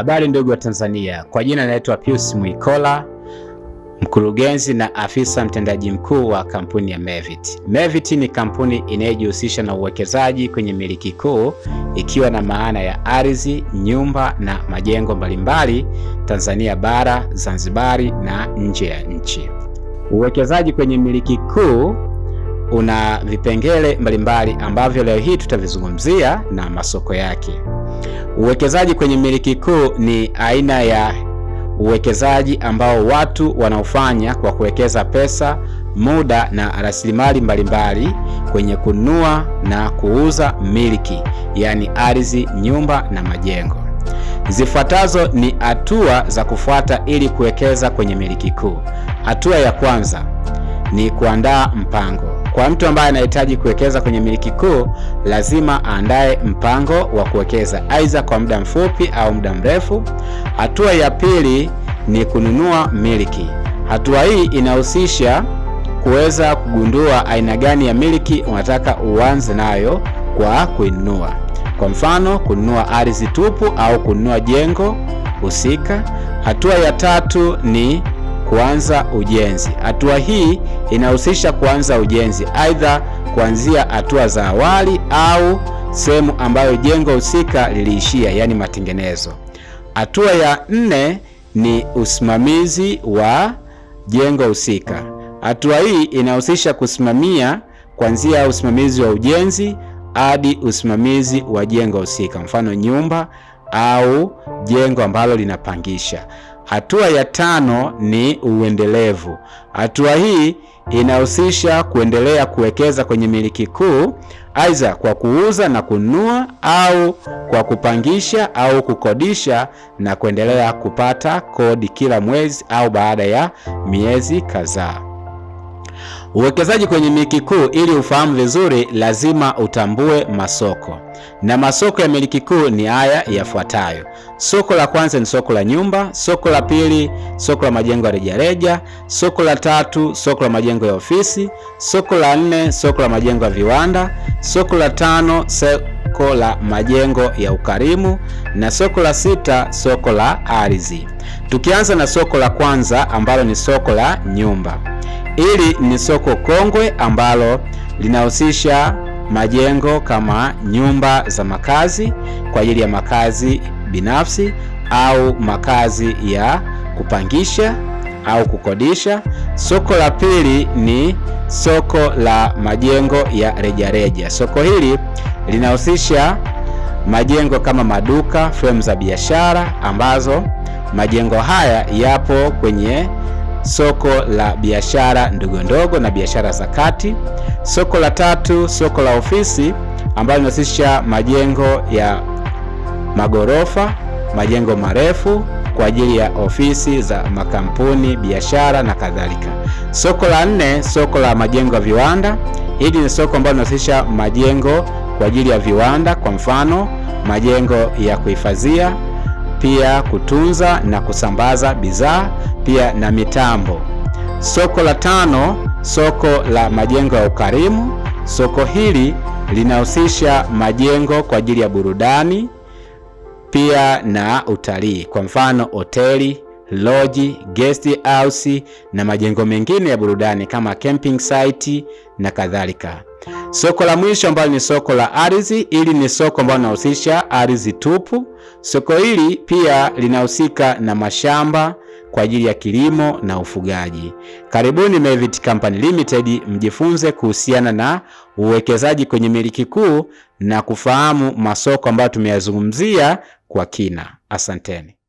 Habari ndugu wa Tanzania, kwa jina naitwa Pius Mwikola, mkurugenzi na afisa mtendaji mkuu wa kampuni ya Mevit. Mevit ni kampuni inayojihusisha na uwekezaji kwenye miliki kuu ikiwa na maana ya ardhi, nyumba na majengo mbalimbali Tanzania bara, Zanzibari na nje ya nchi. Uwekezaji kwenye miliki kuu una vipengele mbalimbali ambavyo leo hii tutavizungumzia na masoko yake. Uwekezaji kwenye miliki kuu ni aina ya uwekezaji ambao watu wanaofanya kwa kuwekeza pesa, muda na rasilimali mbalimbali kwenye kununua na kuuza miliki, yaani ardhi, nyumba na majengo. Zifuatazo ni hatua za kufuata ili kuwekeza kwenye miliki kuu. Hatua ya kwanza ni kuandaa mpango. Kwa mtu ambaye anahitaji kuwekeza kwenye miliki kuu, lazima aandae mpango wa kuwekeza aidha kwa muda mfupi au muda mrefu. Hatua ya pili ni kununua miliki. Hatua hii inahusisha kuweza kugundua aina gani ya miliki unataka uanze nayo kwa kuinunua. Kwa mfano, kununua ardhi tupu au kununua jengo husika. Hatua ya tatu ni kuanza ujenzi. Hatua hii inahusisha kuanza ujenzi aidha kuanzia hatua za awali au sehemu ambayo jengo husika liliishia, yaani matengenezo. Hatua ya nne ni usimamizi wa jengo husika. Hatua hii inahusisha kusimamia kuanzia usimamizi wa ujenzi hadi usimamizi wa jengo husika, mfano nyumba au jengo ambalo linapangisha. Hatua ya tano ni uendelevu. Hatua hii inahusisha kuendelea kuwekeza kwenye miliki kuu, aidha kwa kuuza na kununua au kwa kupangisha au kukodisha, na kuendelea kupata kodi kila mwezi au baada ya miezi kadhaa. Uwekezaji kwenye miliki kuu, ili ufahamu vizuri, lazima utambue masoko, na masoko ya miliki kuu ni haya yafuatayo. Soko la kwanza ni soko la nyumba, soko la pili soko la majengo ya rejareja, soko la tatu soko la majengo ya ofisi, soko la nne soko la majengo ya viwanda, soko la tano soko la majengo ya ukarimu na soko la sita soko la ardhi. Tukianza na soko la kwanza ambalo ni soko la nyumba. Hili ni soko kongwe ambalo linahusisha majengo kama nyumba za makazi kwa ajili ya makazi binafsi au makazi ya kupangisha au kukodisha. Soko la pili ni soko la majengo ya rejareja. Soko hili linahusisha majengo kama maduka, fremu za biashara ambazo majengo haya yapo kwenye soko la biashara ndogo ndogo na biashara za kati. Soko la tatu, soko la ofisi ambalo linahusisha majengo ya magorofa, majengo marefu kwa ajili ya ofisi za makampuni, biashara na kadhalika. Soko la nne, soko la majengo ya viwanda. Hili ni soko ambalo linahusisha majengo kwa ajili ya viwanda, kwa mfano majengo ya kuhifadhia pia kutunza na kusambaza bidhaa pia na mitambo. Soko la tano, soko la majengo ya ukarimu. Soko hili linahusisha majengo kwa ajili ya burudani pia na utalii, kwa mfano hoteli, loji, guest house na majengo mengine ya burudani kama camping site na kadhalika. Soko la mwisho ambalo ni soko la ardhi, ili ni soko ambalo linahusisha ardhi tupu. Soko hili pia linahusika na mashamba kwa ajili ya kilimo na ufugaji. Karibuni Mevit Company Limited, mjifunze kuhusiana na uwekezaji kwenye miliki kuu na kufahamu masoko ambayo tumeyazungumzia kwa kina. Asanteni.